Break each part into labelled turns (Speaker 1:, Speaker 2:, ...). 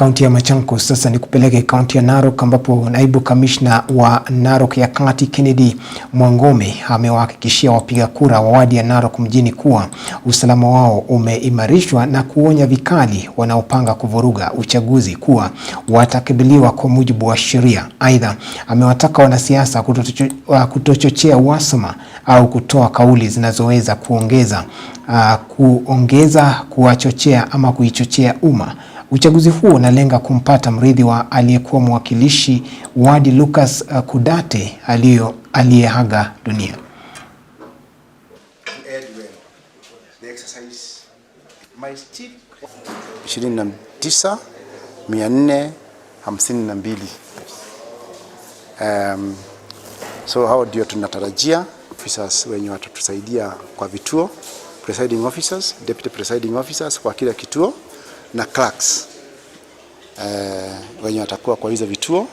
Speaker 1: kaunti ya Machakos. Sasa ni kupeleke kaunti ya Narok ambapo naibu kamishna wa Narok ya Kati Kennedy Mwangome amewahakikishia wapiga kura wa wadi ya Narok mjini kuwa usalama wao umeimarishwa na kuonya vikali wanaopanga kuvuruga uchaguzi kuwa watakabiliwa kwa mujibu wa sheria. Aidha, amewataka wanasiasa uh, kutochochea kutocho uhasama au kutoa kauli zinazoweza kuongeza uh, kuongeza kuwachochea ama kuichochea umma Uchaguzi huo unalenga kumpata mrithi wa aliyekuwa mwakilishi wadi Lucas uh, Kudate aliyeaga dunia.
Speaker 2: ishirini na tisa mia nne hamsini na mbili. Um, so hao ndio tunatarajia officers wenye watatusaidia kwa vituo, presiding officers, deputy presiding officers kwa kila kituo na clerks e, eh, wenye watakuwa kwa hizo vituo.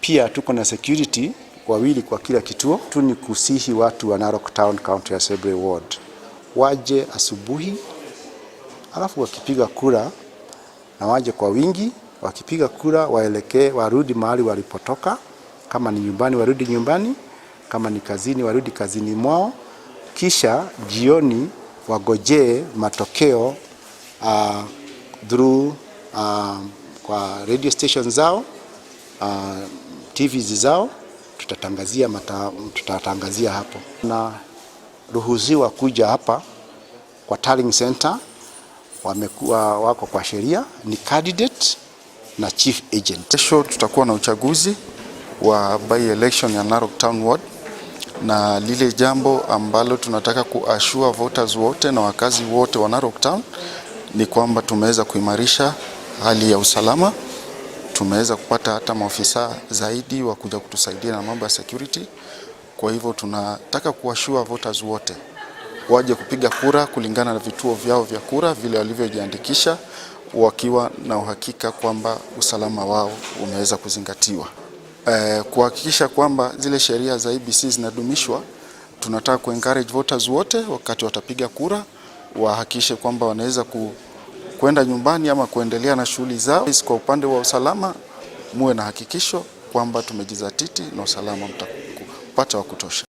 Speaker 2: Pia tuko na security wawili kwa kila kituo. Tu ni kusihi watu wa Narok Town County Assembly Ward waje asubuhi, alafu wakipiga kura na waje kwa wingi. Wakipiga kura waelekee, warudi mahali walipotoka. Kama ni nyumbani, warudi nyumbani. Kama ni kazini, warudi kazini mwao. Kisha jioni wagojee matokeo uh, through uh, kwa radio stations zao uh, TV zao tutatangazia, mata, tutatangazia hapo. Tunaruhusiwa kuja hapa kwa tallying center, wamekuwa wako kwa sheria ni candidate na chief agent.
Speaker 3: Kesho tutakuwa na uchaguzi wa by election ya Narok Town Ward, na lile jambo ambalo tunataka kuashua voters wote na wakazi wote wa Narok Town ni kwamba tumeweza kuimarisha hali ya usalama. Tumeweza kupata hata maofisa zaidi wa kuja kutusaidia na mambo ya security. Kwa hivyo tunataka kuwashua voters wote waje kupiga kura kulingana na vituo vyao vya kura vile walivyojiandikisha, wakiwa na uhakika kwamba usalama wao umeweza kuzingatiwa. E, kuhakikisha kwamba zile sheria za IEBC zinadumishwa, tunataka kuencourage voters wote wakati watapiga kura wahakikishe kwamba wanaweza ku, kwenda nyumbani ama kuendelea na shughuli zao. Kwa upande wa usalama, muwe na hakikisho kwamba tumejizatiti na usalama mtakupata wa kutosha.